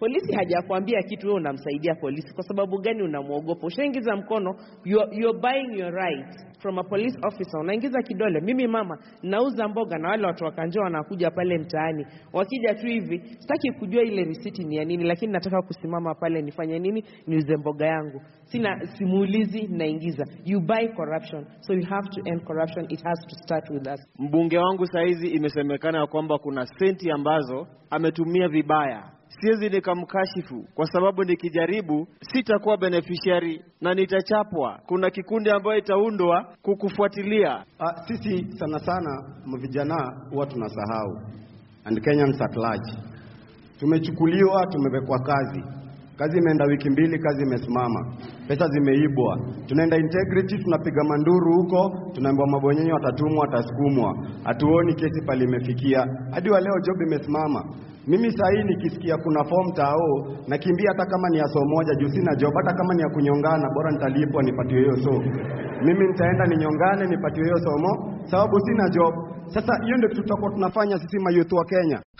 Polisi hajakwambia kitu, wewe unamsaidia polisi kwa sababu gani? Unamwogopa, ushaingiza mkono, you're, you're buying your right from a police officer. Unaingiza kidole. Mimi mama nauza mboga, na wale watu wakanjia wanakuja pale mtaani, wakija tu hivi, sitaki kujua ile risiti ni ya nini, lakini nataka kusimama pale nifanye nini? Niuze mboga yangu, sina simulizi, naingiza. You buy corruption, so you have to end corruption, it has to start with us. Mbunge wangu saizi, imesemekana ya kwamba kuna senti ambazo ametumia vibaya siwezi nikamkashifu, kwa sababu nikijaribu sitakuwa beneficiary na nitachapwa. Kuna kikundi ambayo itaundwa kukufuatilia. A, ah, sisi sana sana mvijana huwa tunasahau and Kenyans at large tumechukuliwa, tumewekwa kazi kazi imeenda wiki mbili, kazi imesimama, pesa zimeibwa, tunaenda integrity, tunapiga manduru huko, tunaambiwa mabonyenyo watatumwa, watasukumwa, hatuoni kesi pale imefikia. Hadi wa leo job imesimama. Mimi sahii nikisikia kuna form tao nakimbia, hata kama ni ya moja juu sina job, hata kama ni ya kunyongana, bora nitalipwa nipatiwe hiyo soo Mimi nitaenda ninyongane nipatiwe hiyo somo, sababu sina job. Sasa hiyo ndio tutakuwa tunafanya sisi mayouth wa Kenya.